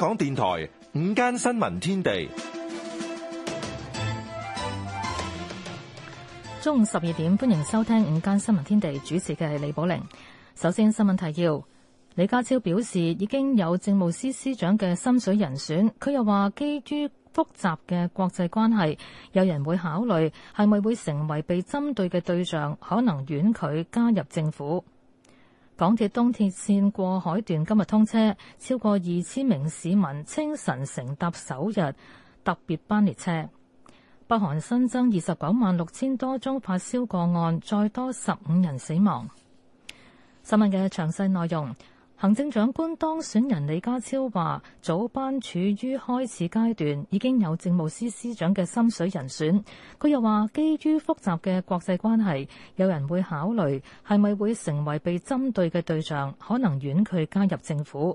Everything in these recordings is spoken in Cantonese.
港電台五間新聞天地，中午十二點，歡迎收聽五間新聞天地，主持嘅係李寶玲。首先新聞提要，李家超表示已經有政務司司長嘅心水人選，佢又話基於複雜嘅國際關係，有人會考慮係咪會成為被針對嘅對象，可能婉佢加入政府。港鐵東鐵線過海段今日通車，超過二千名市民清晨乘搭首日特別班列車。北韓新增二十九萬六千多宗發燒個案，再多十五人死亡。新聞嘅詳細內容。行政長官當選人李家超話：早班處於開始階段，已經有政務司司長嘅心水人選。佢又話：基於複雜嘅國際關係，有人會考慮係咪會成為被針對嘅對象，可能婉拒加入政府。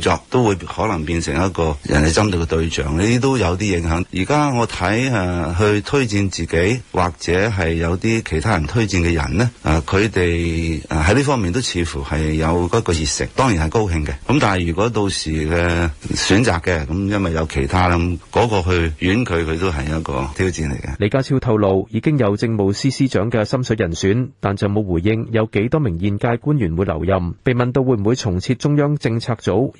作都會可能變成一個人哋針對嘅對象，呢啲都有啲影響。而家我睇誒、啊、去推薦自己，或者係有啲其他人推薦嘅人咧，啊，佢哋喺呢方面都似乎係有嗰個熱誠，當然係高興嘅。咁但係如果到時嘅選擇嘅，咁因為有其他啦，嗰、那個去遠佢，佢都係一個挑戰嚟嘅。李家超透露已經有政務司司長嘅心水人選，但就冇回應有幾多名現屆官員會留任。被問到會唔會重設中央政策組。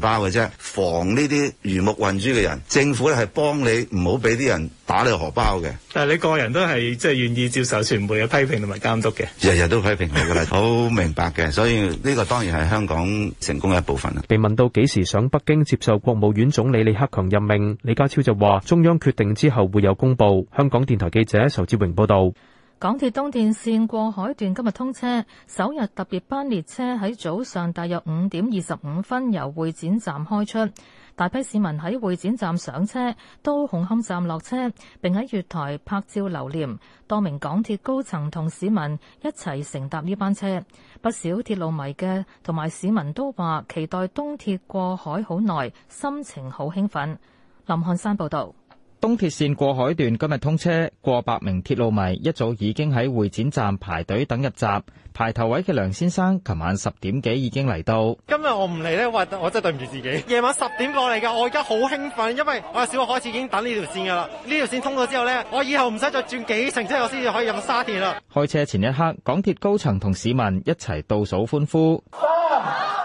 包嘅啫，防呢啲魚目混珠嘅人，政府咧係幫你唔好俾啲人打你荷包嘅。但係你個人都係即係願意接受傳媒嘅批評同埋監督嘅，日日 都批評你噶啦，好明白嘅。所以呢個當然係香港成功嘅一部分啦。被問到幾時上北京接受國務院總理李克強任命，李家超就話中央決定之後會有公布。香港電台記者仇志榮報道。港鐵東鐵線過海段今日通車，首日特別班列車喺早上大約五點二十五分由會展站開出，大批市民喺會展站上車，到紅磡站落車，並喺月台拍照留念。多名港鐵高層同市民一齊乘搭呢班車，不少鐵路迷嘅同埋市民都話期待東鐵過海好耐，心情好興奮。林漢山報導。東鐵線過海段今日通車，過百名鐵路迷一早已經喺會展站排隊等入閘。排頭位嘅梁先生，琴晚十點幾已經嚟到。今日我唔嚟呢，我真係對唔住自己。夜晚十點過嚟噶，我而家好興奮，因為我有小學開始已經等呢條綫噶啦。呢條線通咗之後呢，我以後唔使再轉幾程車，我先至可以入沙田啦。開車前一刻，港鐵高層同市民一齊倒數歡呼。啊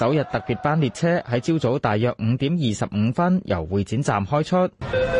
首日特別班列車喺朝早大約五點二十五分由會展站開出。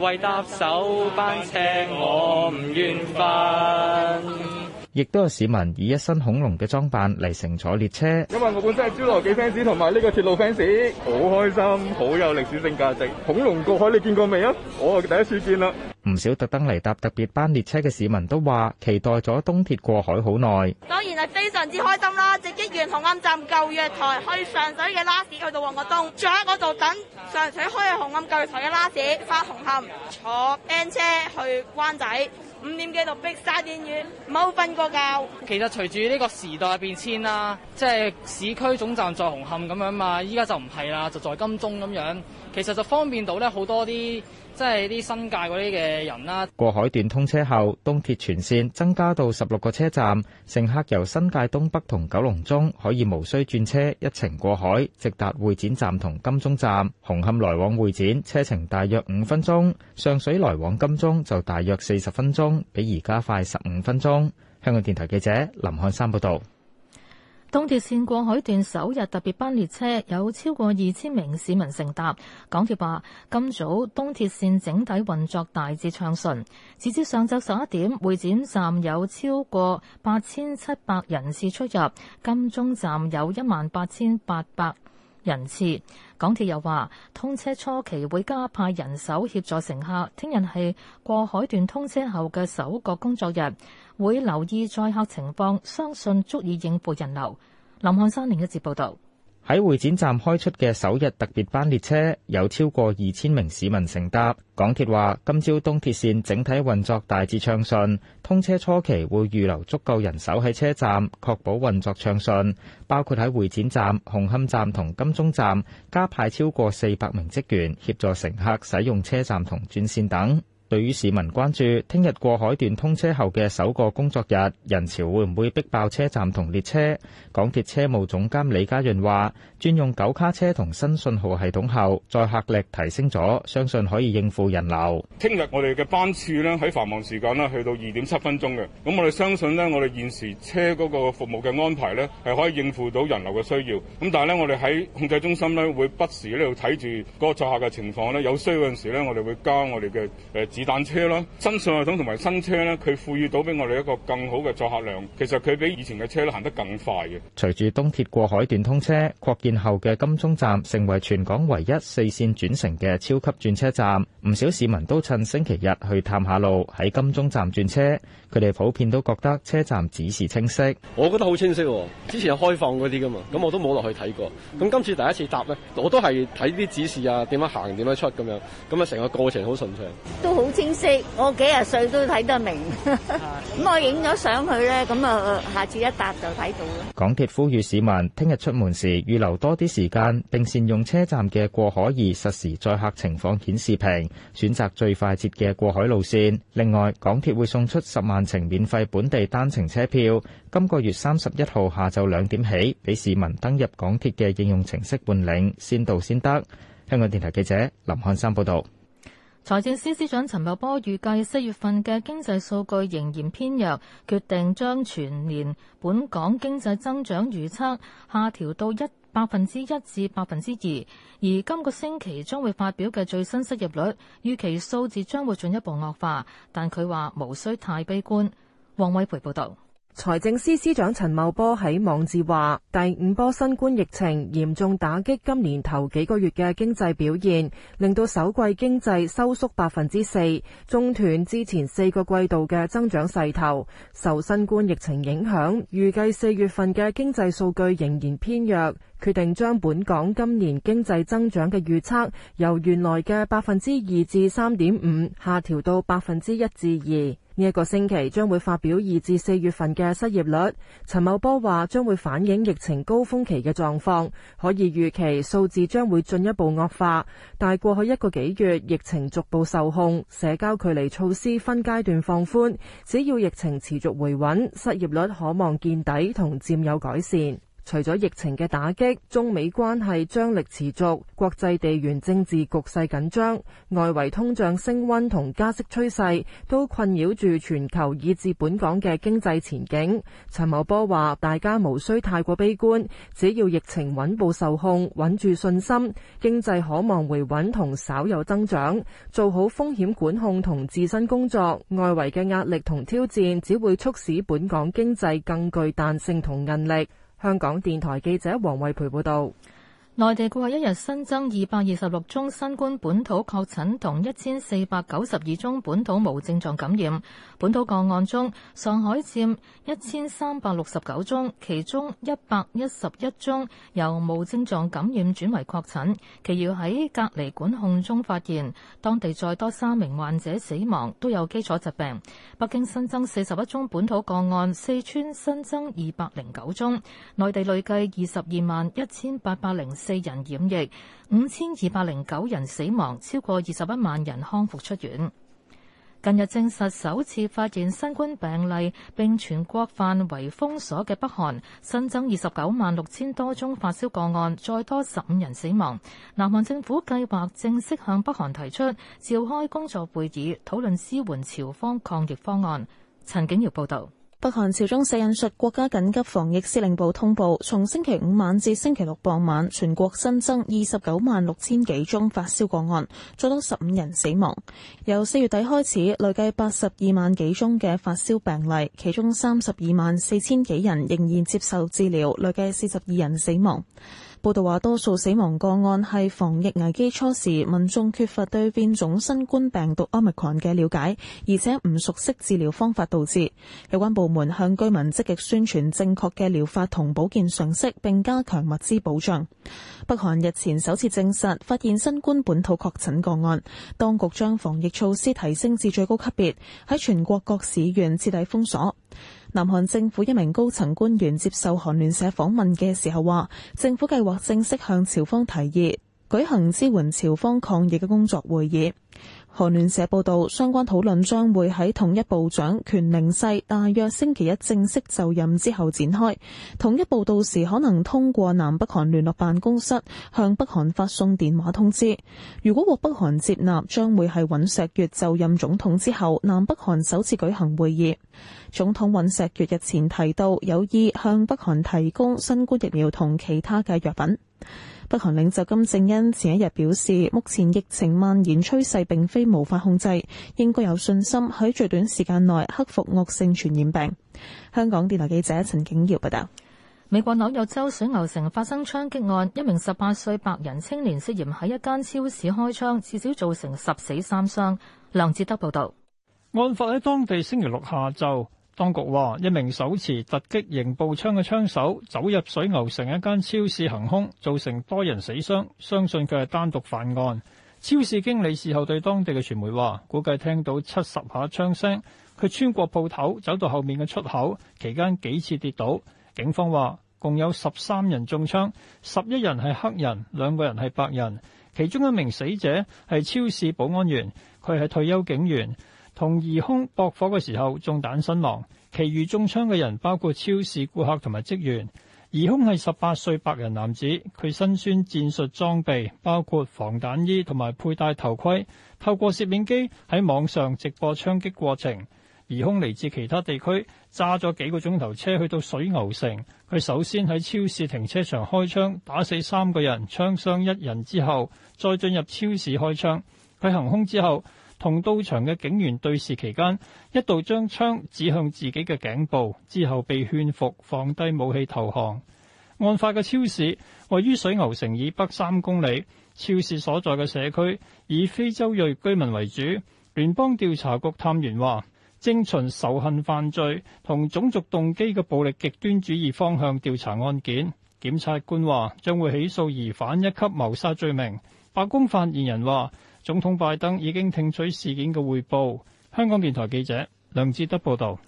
為搭手班車，我唔願返。亦都有市民以一身恐龍嘅裝扮嚟乘坐列車，因為我本身係侏羅紀 fans 同埋呢個鐵路 fans，好開心，好有歷史性價值。恐龍過海你見過未啊？我第一次見啦。唔少特登嚟搭特別班列車嘅市民都話，期待咗東鐵過海好耐。當然係非常之開心啦！直擊完紅磡站舊月台去上水嘅拉士，去到旺角東，仲喺嗰度等上水開去紅磡舊月台嘅拉士，翻紅磡坐 M 車去灣仔。五點幾度碧沙影院，冇瞓過覺。其實隨住呢個時代變遷啦，即係市區總站在紅磡咁樣嘛，依家就唔係啦，就在金鐘咁樣。其實就方便到咧好多啲，即係啲新界嗰啲嘅人啦。過海段通車後，東鐵全線增加到十六個車站，乘客由新界東北同九龍中可以無需轉車，一程過海直達會展站同金鐘站。紅磡來往會展車程大約五分鐘，上水來往金鐘就大約四十分鐘。比而家快十五分鐘。香港電台記者林漢山報道，東鐵線過海段首日特別班列車有超過二千名市民乘搭。港鐵話，今早東鐵線整體運作大致暢順，截至上晝十一點，會展站有超過八千七百人次出入，金鐘站有一萬八千八百人。人次，港鐵又話，通車初期會加派人手協助乘客。聽日係過海段通車後嘅首個工作日，會留意載客情況，相信足以應付人流。林漢山另一節報道。喺會展站開出嘅首日特別班列車，有超過二千名市民乘搭。港鐵話，今朝東鐵綫整體運作大致暢順，通車初期會預留足夠人手喺車站，確保運作暢順，包括喺會展站、紅磡站同金鐘站，加派超過四百名職員協助乘客使用車站同轉綫等。對於市民關注，聽日過海段通車後嘅首個工作日，人潮會唔會逼爆車站同列車？港鐵車務總監李家潤話，專用九卡車同新信號系統後，載客力提升咗，相信可以應付人流。聽日我哋嘅班次呢，喺繁忙時間呢，去到二點七分鐘嘅，咁我哋相信呢，我哋現時車嗰個服務嘅安排呢，係可以應付到人流嘅需要。咁但係呢，我哋喺控制中心呢，會不時呢喺度睇住嗰個載客嘅情況呢，有需要嗰陣時呢，我哋會加我哋嘅誒。是但車啦，新系統同埋新車呢，佢賦予到俾我哋一個更好嘅載客量。其實佢比以前嘅車咧行得更快嘅。隨住東鐵過海段通車，擴建後嘅金鐘站成為全港唯一四線轉乘嘅超級轉車站。唔少市民都趁星期日去探下路，喺金鐘站轉車。佢哋普遍都覺得車站指示清晰。我覺得好清晰喎、哦，之前有開放嗰啲㗎嘛，咁我都冇落去睇過。咁今次第一次搭呢，我都係睇啲指示啊，點樣行，點樣出咁樣。咁啊，成個過程好順暢，都好。清晰，我幾廿歲都睇得明。咁我影咗相去呢，咁啊，下次一搭就睇到啦。港鐵呼籲市民聽日出門時預留多啲時間，並善用車站嘅過海而實時載客情況顯示屏，選擇最快捷嘅過海路線。另外，港鐵會送出十萬程免費本地單程車票，今個月三十一號下晝兩點起，俾市民登入港鐵嘅應用程式換領，先到先得。香港電台記者林漢山報道。財政司司長陳茂波預計四月份嘅經濟數據仍然偏弱，決定將全年本港經濟增長預測下調到百分之一至百分之二，而今個星期將會發表嘅最新失業率預期數字將會進一步惡化，但佢話無需太悲觀。王偉培報導。財政司司長陳茂波喺網誌話：第五波新冠疫情嚴重打擊今年頭幾個月嘅經濟表現，令到首季經濟收縮百分之四，中斷之前四個季度嘅增長勢頭。受新冠疫情影響，預計四月份嘅經濟數據仍然偏弱，決定將本港今年經濟增長嘅預測由原來嘅百分之二至三點五下調到百分之一至二。呢一個星期將會發表二至四月份嘅失業率，陳茂波話將會反映疫情高峰期嘅狀況，可以預期數字將會進一步惡化。但係過去一個幾月疫情逐步受控，社交距離措施分階段放寬，只要疫情持續回穩，失業率可望見底同漸有改善。除咗疫情嘅打擊，中美關係張力持續，國際地緣政治局勢緊張，外圍通脹升溫同加息趨勢都困擾住全球以至本港嘅經濟前景。陳茂波話，大家無需太過悲觀，只要疫情穩步受控，穩住信心，經濟可望回穩同稍有增長。做好風險管控同自身工作，外圍嘅壓力同挑戰只會促使本港經濟更具彈性同韌力。香港電台記者王慧培報道。內地過去一日新增二百二十六宗新冠本土確診，同一千四百九十二宗本土無症狀感染。本土個案中，上海佔一千三百六十九宗，其中一百一十一宗由無症狀感染轉為確診，其餘喺隔離管控中發現。當地再多三名患者死亡，都有基礎疾病。北京新增四十一宗本土個案，四川新增二百零九宗。內地累計二十二萬一千八百零四人染疫，五千二百零九人死亡，超過二十一萬人康復出院。近日證實首次發現新冠病例，並全國範圍封鎖嘅北韓，新增二十九萬六千多宗發燒個案，再多十五人死亡。南韓政府計劃正式向北韓提出召開工作會議，討論支援朝方抗疫方案。陳景瑤報道。北韓朝中社引述國家緊急防疫司令部通報，從星期五晚至星期六傍晚，全國新增二十九萬六千幾宗發燒個案，再多十五人死亡。由四月底開始，累計八十二萬幾宗嘅發燒病例，其中三十二萬四千幾人仍然接受治療，累計四十二人死亡。報道話，多數死亡個案係防疫危機初時，民眾缺乏對變種新冠病毒奧密克嘅了解，而且唔熟悉治療方法導致。有關部門向居民積極宣傳正確嘅療法同保健常識，並加強物資保障。北韓日前首次證實發現新冠本土確診個案，當局將防疫措施提升至最高級別，喺全國各市縣徹底封鎖。南韓政府一名高層官員接受韓聯社訪問嘅時候話，政府計劃正式向朝方提議舉行支援朝方抗疫嘅工作會議。韓聯社報道，相關討論將會喺統一部長權寧世大約星期一正式就任之後展開。統一部到時可能通過南北韓聯絡辦公室向北韓發送電話通知。如果獲北韓接納，將會係尹錫悅就任總統之後南北韓首次舉行會議。總統尹錫悅日前提到，有意向北韓提供新冠疫苗同其他嘅藥品。北韓領袖金正恩前一日表示，目前疫情蔓延趨勢並非無法控制，應該有信心喺最短時間內克服惡性傳染病。香港電台記者陳景耀報道。美國紐約州水牛城發生槍擊案，一名十八歲白人青年涉嫌喺一間超市開槍，至少造成十死三傷。梁志德報道。案發喺當地星期六下晝。當局話，一名手持突擊型步槍嘅槍手走入水牛城一間超市行兇，造成多人死傷。相信佢係單獨犯案。超市經理事後對當地嘅傳媒話，估計聽到七十下槍聲，佢穿過鋪頭走到後面嘅出口，期間幾次跌倒。警方話，共有十三人中槍，十一人係黑人，兩個人係白人。其中一名死者係超市保安員，佢係退休警員。同疑凶搏火嘅時候中彈身亡，其餘中槍嘅人包括超市顧客同埋職員，疑凶係十八歲白人男子，佢身穿戰術裝備，包括防彈衣同埋佩戴頭盔，透過攝影機喺網上直播槍擊過程。疑凶嚟自其他地區，揸咗幾個鐘頭車，去到水牛城。佢首先喺超市停車場開槍打死三個人，槍傷一人，之後再進入超市開槍，佢行凶之後。同到場嘅警員對峙期間，一度將槍指向自己嘅頸部，之後被勸服放低武器投降。案發嘅超市位於水牛城以北三公里，超市所在嘅社區以非洲裔居民為主。聯邦調查局探員話，正循仇恨犯罪同種族動機嘅暴力極端主義方向調查案件。檢察官話將會起訴疑犯一級謀殺罪名。白宮發言人話。總統拜登已經聽取事件嘅匯報。香港電台記者梁志德報道：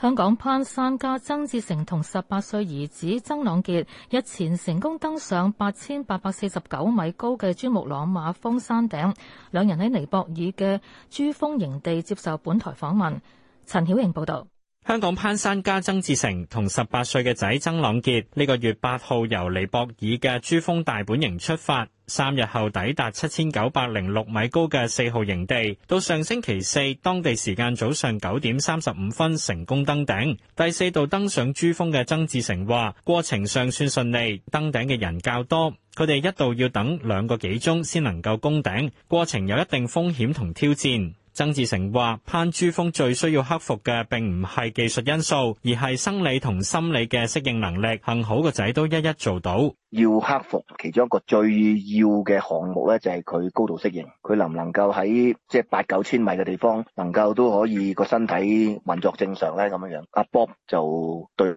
香港攀山家曾志成同十八歲兒子曾朗傑日前成功登上八千八百四十九米高嘅珠穆朗瑪峰山頂。兩人喺尼泊爾嘅珠峰營地接受本台訪問。陳曉瑩報道。香港攀山家曾志成同十八歲嘅仔曾朗杰呢、這個月八號由尼泊爾嘅珠峰大本營出發，三日後抵達七千九百零六米高嘅四號營地，到上星期四當地時間早上九點三十五分成功登頂。第四度登上珠峰嘅曾志成話，過程尚算順利，登頂嘅人較多，佢哋一度要等兩個幾鐘先能夠攻頂，過程有一定風險同挑戰。曾志成話：攀珠峰最需要克服嘅，並唔係技術因素，而係生理同心理嘅適應能力。幸好個仔都一一做到。要克服其中一個最要嘅項目咧，就係、是、佢高度適應，佢能唔能夠喺即係八九千米嘅地方，能夠都可以個身體運作正常咧咁樣樣。阿、啊、Bob 就對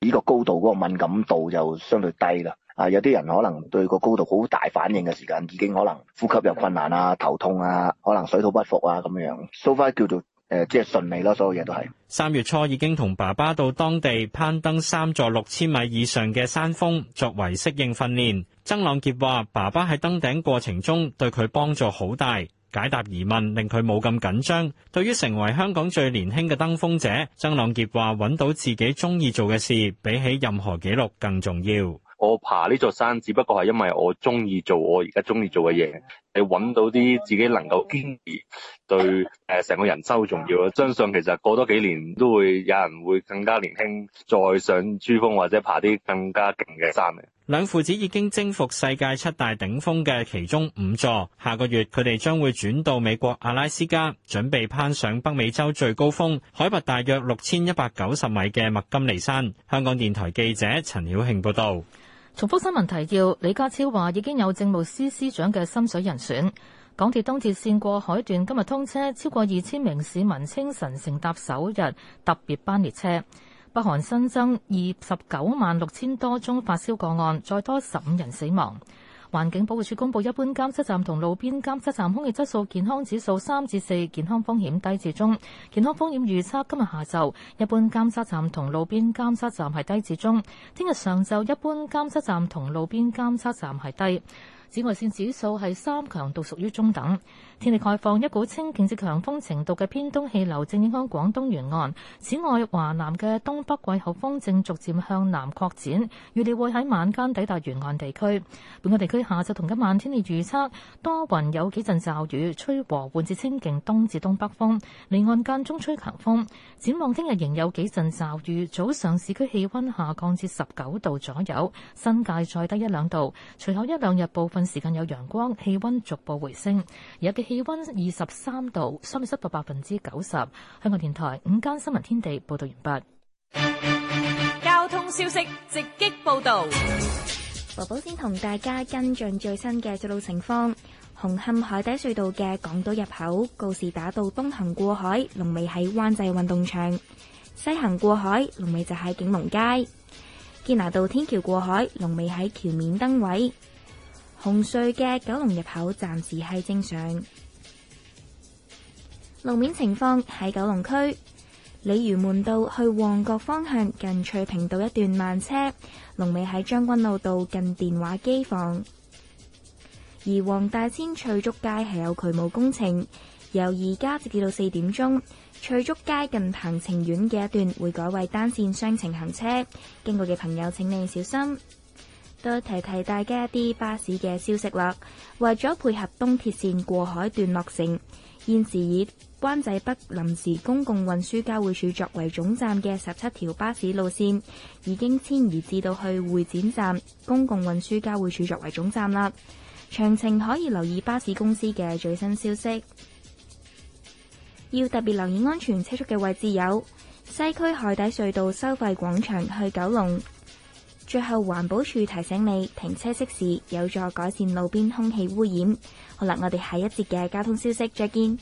呢個高度嗰個敏感度就相對低啦。啊！有啲人可能對個高度好大反應嘅時間，已經可能呼吸有困難啊，頭痛啊，可能水土不服啊，咁樣。so far 叫做誒，即係順利咯，所有嘢都係三月初已經同爸爸到當地攀登三座六千米以上嘅山峰，作為適應訓練。曾朗杰話，爸爸喺登頂過程中對佢幫助好大，解答疑問，令佢冇咁緊張。對於成為香港最年輕嘅登峰者，曾朗杰話，揾到自己中意做嘅事，比起任何紀錄更重要。我爬呢座山，只不過係因為我中意做我而家中意做嘅嘢。你揾到啲自己能夠堅持，對誒成個人生好重要。啊，相信其實過多幾年都會有人會更加年輕再上珠峰或者爬啲更加勁嘅山。兩父子已經征服世界七大頂峰嘅其中五座，下個月佢哋將會轉到美國阿拉斯加，準備攀上北美洲最高峰，海拔大約六千一百九十米嘅麥金尼山。香港電台記者陳曉慶報道。重複新聞提要：李家超話已經有政務司司長嘅心水人選。港鐵東鐵綫過海段今日通車，超過二千名市民清晨乘搭首日特別班列車。北韓新增二十九萬六千多宗發燒個案，再多十五人死亡。環境保護署公布，一般監測站同路邊監測站空氣質素健康指數三至四，健康風險低至中。健康風險預測今日下晝，一般監測站同路邊監測站係低至中。聽日上晝，一般監測站同路邊監測站係低。紫外線指數係三強度，屬於中等。天氣概況，一股清勁至強風程度嘅偏東氣流正影響廣東沿岸，此外，華南嘅東北季候風正逐漸向南擴展，預料會喺晚間抵達沿岸地區。本港地區下晝同今晚天氣預測，多雲有幾陣驟雨，吹和緩至清勁東至東北風，離岸間中吹強風。展望聽日仍有幾陣驟雨，早上市區氣溫下降至十九度左右，新界再低一兩度。隨後一兩日部分。時間有陽光，氣溫逐步回升。而家嘅氣溫二十三度，相對濕度百分之九十。香港電台午間新聞天地報道完畢。交通消息直擊報道，寶寶先同大家跟進最新嘅道路情況。紅磡海底隧道嘅港島入口告士打道東行過海，龍尾喺灣仔運動場；西行過海，龍尾就喺景隆街。堅拿道天橋過海，龍尾喺橋面燈位。紅隧嘅九龍入口暫時係正常，路面情況喺九龍區鯉魚門道去旺角方向近翠屏道一段慢車，龍尾喺將軍澳道近電話機房，而黃大仙翠竹街係有渠務工程，由而家直至到四點鐘，翠竹街近鵬程苑嘅一段會改為單線雙程行車，經過嘅朋友請你小心。都提提大家一啲巴士嘅消息啦。為咗配合東鐵線過海段落成，現時以灣仔北臨時公共運輸交匯處作為總站嘅十七條巴士路線，已經遷移至到去會展站公共運輸交匯處作為總站啦。詳情可以留意巴士公司嘅最新消息。要特別留意安全車速嘅位置有西區海底隧道收費廣場去九龍。最後，環保處提醒你停車熄匙，有助改善路邊空氣污染。好啦，我哋下一節嘅交通消息再見。